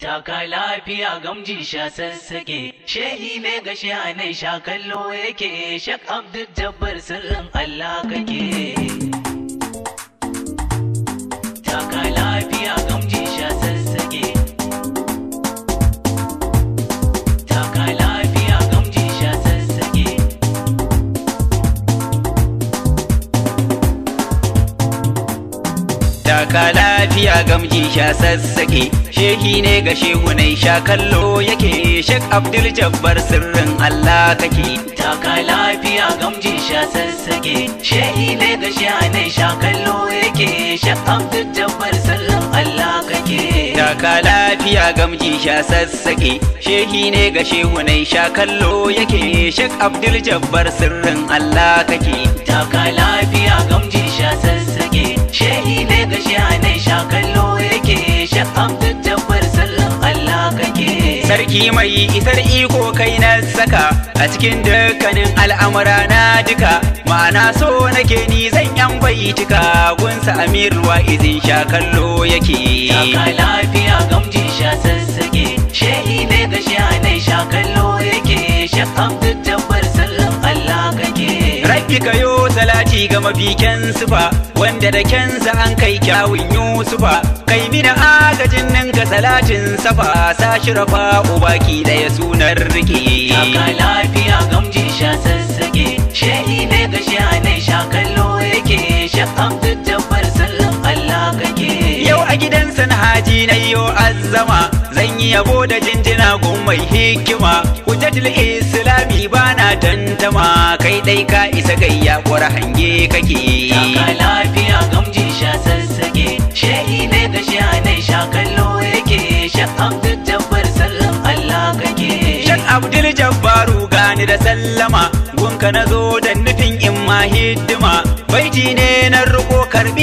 Taka lafiya gamji sha sassake, shehi ne a nai, sha kallo yake, shak abdul jabbar sirrin Allah kake. Taka gamji sha sassake. gamji sha sassake. lafiya gamji sha sassake shehi ne ga shehunai sha kallo yake shek abdul jabbar sirrin allah kake taka lafiya gamji sha sassake shehi ne ga shehunai sha kallo yake shek abdul jabbar sirrin allah kake taka lafiya gamji sha sassake shehi ne ga shehunai sha kallo yake shek abdul jabbar sirrin allah kake taka lafiya gamji sha sassake shehi ne ga shehunai sha kallo yake sha amta jabbar sallan Allah kake sarki mai isar iko kai na saka a cikin dukkanin al'amura na duka ma'ana so nake ni zan yan baitika gunsa amir ruwa izin sha kallo yake sha lafiya gamji sha sassake shehi ne ga shi sha kallo yake sha amta jabbar rabbi yo salati ga mafiken sufa wanda da kensa an kai kyawun yusufa kai mina agajin nan ga salatin safa sashi rafa ubaki daya sunar rike Shaka lafiya gamji sha sassake shehi ne ga shi ne sha kallo yake shakam duk jabbar sallan Allah kake yau a gidansa na haji na yo azzama zan yi yabo da jinjina gun mai hikima hujjatul islami bana tantama kai dai ka isa gayya kwar hange kake ka lafiya gamji sha sassake shehi ne da shi sha kallo yake shan abdul jabbar sallam Allah kake shan abdul jabbaru gani da sallama gunka na zo da nufin in ma hidima baiti ne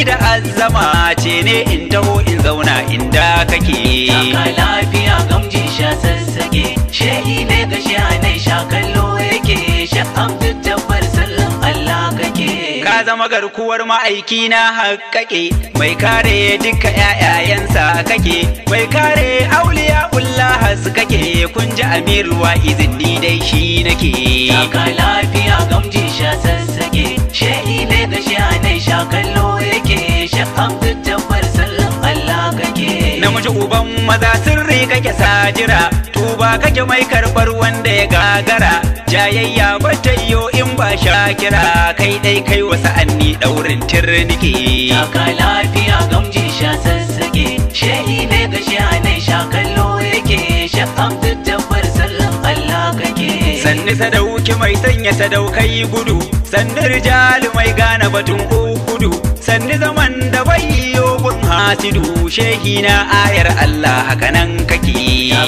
da azzama ce ne in taho in zauna inda kake Shaka lafiya gamji sha sassake shehi ne ga shi anai sha kallo yake sha'am duk tabbar sallan Allah kake Ka zama garkuwar ma'aiki na haƙƙaƙe mai kare duka ƴaƴayensa kake mai kare auliya ullah su kake kun ji amiru, izin ni dai shi nake Shaka lafiya gamji sha sassake yake shehi ne da shane sha kallo yake sha hamdu tabbar sallan Allah kake namiji uban maza sirri kake sajira tuba kake mai karbar wanda ya gagara jayayya ta yo in ba shakira kai dai kai wasu anni daurin tirniki taka lafiya gamji sha sassake shehi ne da shane sha kallo yake sha hamdu tabbar sallan Allah kake sanni sadauki mai sanya sadaukai gudu sandir mai gane batun ukudu sanni zaman da bai yogun hasidu shehi na ayar Allah haka nan kake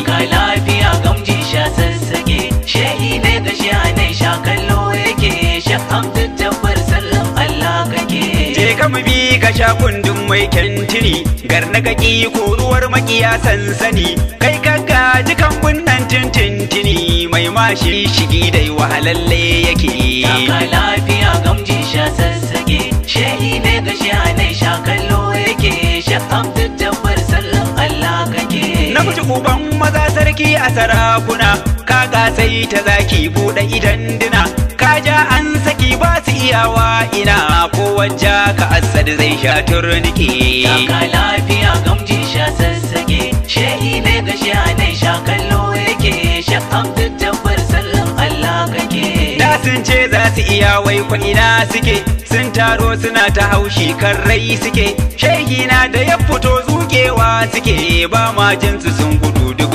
ka lafiya gamji sha sassake shehi ne da shi nai sha kallo yake sha hamdu tabbar sallan Allah kake je ka bi ka sha kundin mai gar na kaki ko ruwar makiya sansani kai ka gaji kan bunnan tintintini ba shi shigi yi wahalalle yake yi ka lafiya gamji sha sassake shehi ne ga shi nai sha kallo yake sha abdul jabbar sallan Allah kake namiji uban maza sarki a sarakuna kaga sai ta zaki buɗe idan dina kaja an saki ba su iyawa ina ko wajja ka asad zai sha turniki ka lafiya gamji sha sassake shehi ne ga shi nai sha kallo ya wai ko ina suke sun taro suna ta haushi rai suke shehi na da ya fito zukewa suke ba ma jinsu sun gudu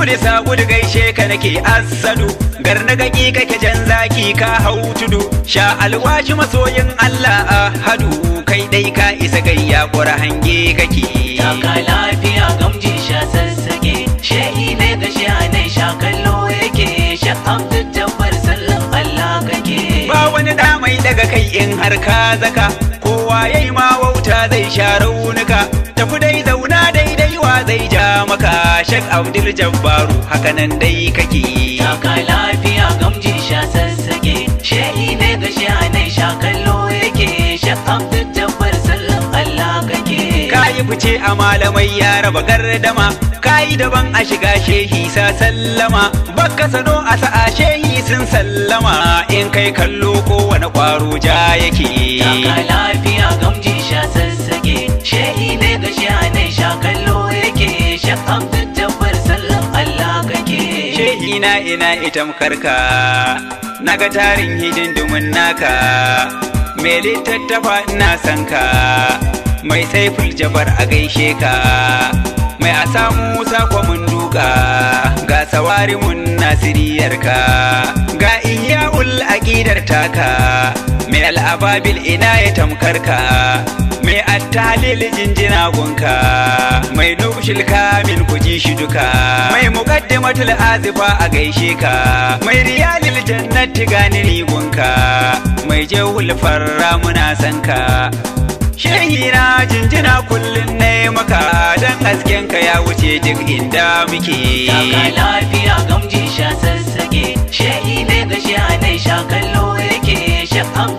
Saudi Saudi gaishe ka nake asadu garna gaki kake jan zaki ka hau tudu sha alwashi masoyin Allah a hadu. kai dai ka isa gayya kura hange kake taka lafiya gamji sha sassake shehi ne da shi anai sha kallo yake sha abdu tabbar sallan Allah kake ba wani da mai daga kai in har ka zaka kowa yayi ma wauta zai sha raunuka tafi dai shak Abdul Jabbaru hakanan dai kake yi. ka lafiya gamji sha sassake, shehi ne ga shi anai sha kallo yake, shak Abdul Jabbar sallan Allah kake. Kayi fice a malamai ya raba gardama, kayi daban a shiga shehi sa sallama, baka sano a sa'a shehi sun sallama, in kai kallo ko wani kwaro ja yake. ka lafiya Ina ina itamkarka na naga tarin hidindumin naka mai littattafa ina sanka mai saiful jabar a gaishe ka mai a samu mun duka ga sawarimun nasiriyarka ga iyaul aƙidar taka mai al'ababil ina ya mai attalil jinjina gunka mai nushil kamin ku ji shi duka mai muqaddimatul azifa a gaishe ka mai riyalil jannati gani ni gunka mai jawul farra muna sanka ka shehina jinjina kullun ne maka dan hasken ka ya wuce duk inda muke ka lafiya gamji sha sassake shehi ne a shi sha kallo yake shakam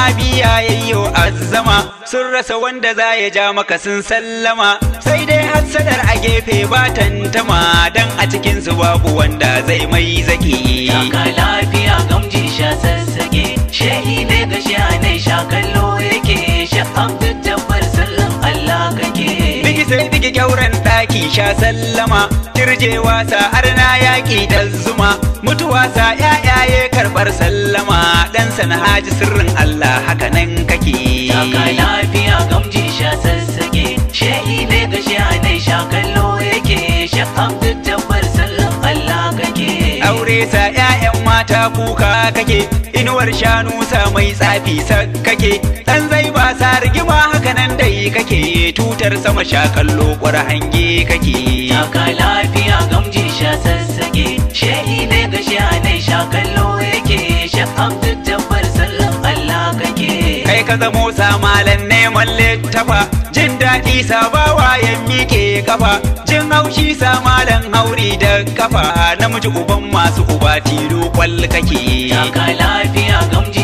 sahabiya yayyo azzama sun rasa wanda za ya ja maka sun sallama sai dai hassadar a gefe ba tantama dan a cikin su babu wanda zai mai zaki ka lafiya gamji sha sassake shehi ne ga a ne sha kallo yake sha abdu jabbar sallan Allah kake Biki sai biki gyauran ɗaki, sha sallama kirje wasa, arna yaki da zuma mutuwa sa karɓar sallama dan na haji sirrin Allah haka nan kake. ka lafiya gamji sha sassake, shehi ne ga shahanai sha kallo yake, shi. duk tabbar sallan Allah kake. Aure sa ‘ya'yan mata kuka kake, inuwar shanu sa mai tsafi kake, dan zai ba sa rigima haka nan dai kake, tutar sama sha kallo ƙwar hange kake. ka lafiya gamji sha sassake, shehi ne ga shahanai sha kallo yake. Kai ka zamo samalan neman littafa jin daɗi sabawa ya mike kafa jin haushi samalan hauri da kafa namiji uban masu uba tilo kwal kake. Taka lafiya gamji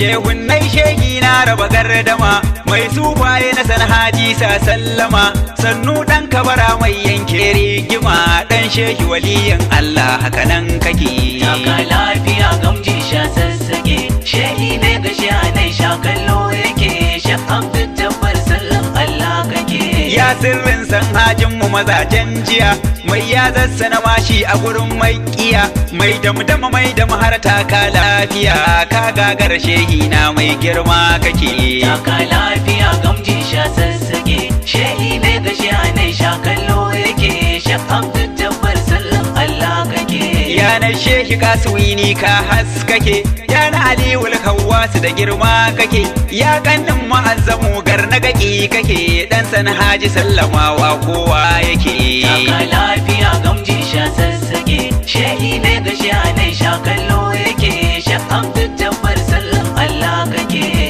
shehun nai shehi na raba gardama mai sufaye na haji sa sallama sannu dan kabara mai yanke rigima dan shehi waliyan Allah haka nan kake taka lafiya gamji sha sassake shehi ne gashi a nai sha kallo ya san hajin mu mazajen jiya mai ya na mashi a gurin mai kiya mai damdama mai da maharta ka lafiya ka gagar shehi na mai girma kake ka lafiya gamji sha sassage shehi ne gashi a ne sha kallo shehi kasuwini ka haskake yana aliwul hawasu da girma kake ya kannin ma'azzamu na gaki kake dan san haji wa kowa yake lafiya gamji sha sassake shehi ne da shi sha kallo yake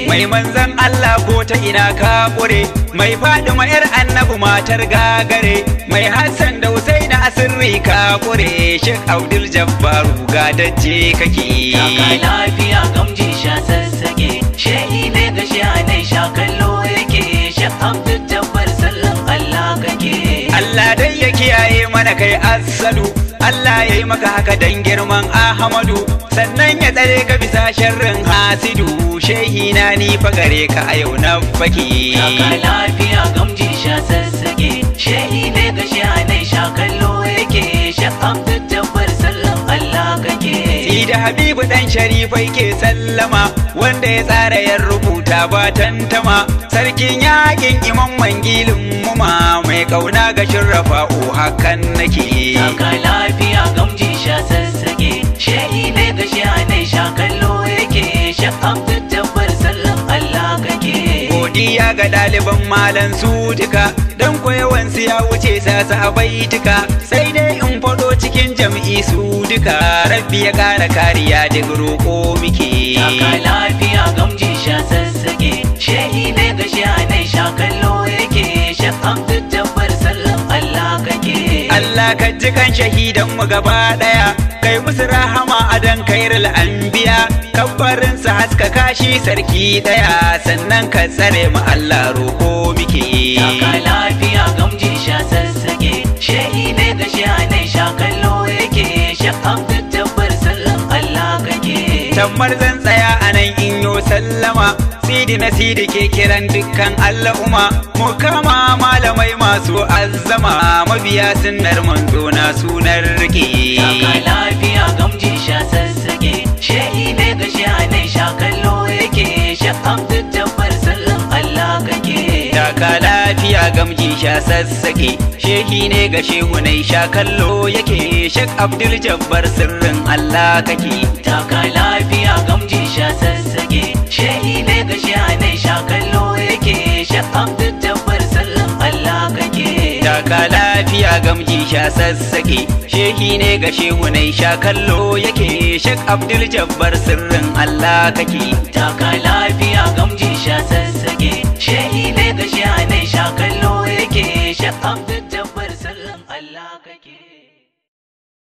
mai manzan Allah ko ta ina ka kure mai fadima yar annabi matar gagare mai hassan da usai sirri ka kure shi Abdul Jabbaru ga dace kake Shaka lafiya gamji sha sassake shehi ne ga shi anai sha kallo yake shi Abdul Jabbar sallan Allah kake Allah dai ya kiyaye mana kai asalu Allah ya yi maka haka dan girman Ahmadu sannan ya tsare ka bisa sharrin hasidu shehi na ni fa gare ka a yau na fake Shaka lafiya gamji sha sassake shehi ne ga shi anai sha kallo da habibu ɗan sharifai ke sallama wanda ya tsara 'yan rubuta ba tantama sarkin yakin imam mangilin muma mai kauna ga shirrafa o hakan nake ka lafiya gamji sha sassake shehi ne ga shi anai sha kallo yake shakam tattabar sallan Allah kake godiya ga ɗaliban malam su duka dan su ya wuce sa sa baitika sai dai jam'i su duka rabbi ya kara kariya daga roƙo muke shaka lafiya gamji sha sassake shehi ne ga shi a nan kallo yake shakam bar sallan Allah kake Allah ka ji kan shahidan mu gaba daya kai musu rahama a dan kairul anbiya kabarin su haska kashi sarki daya sannan ka tsare mu Allah roƙo muke shaka lafiya gamji sha tammar zan tsaya a nan in yo sallama sidi na sidi ke kiran dukkan al'umma mu kama malamai masu azama. mabiya sunnar manzo na sunar rike lafiya gamji sha sassake sha gamji sha sassake shehi ne ga shehu ne sha kallo yake shek abdul jabbar sirrin allah kake taka lafiya gamji sha sassake shehi ne ga shehu ne sha kallo yake shek abdul shaka lafiya gamji sha sassake shehi ne ga shehu ne sha kallo yake shek abdul jabbar sirrin allah kake taka lafiya gamji sha sassake shehi ne ga shehu ne sha kallo yake shek abdul jabbar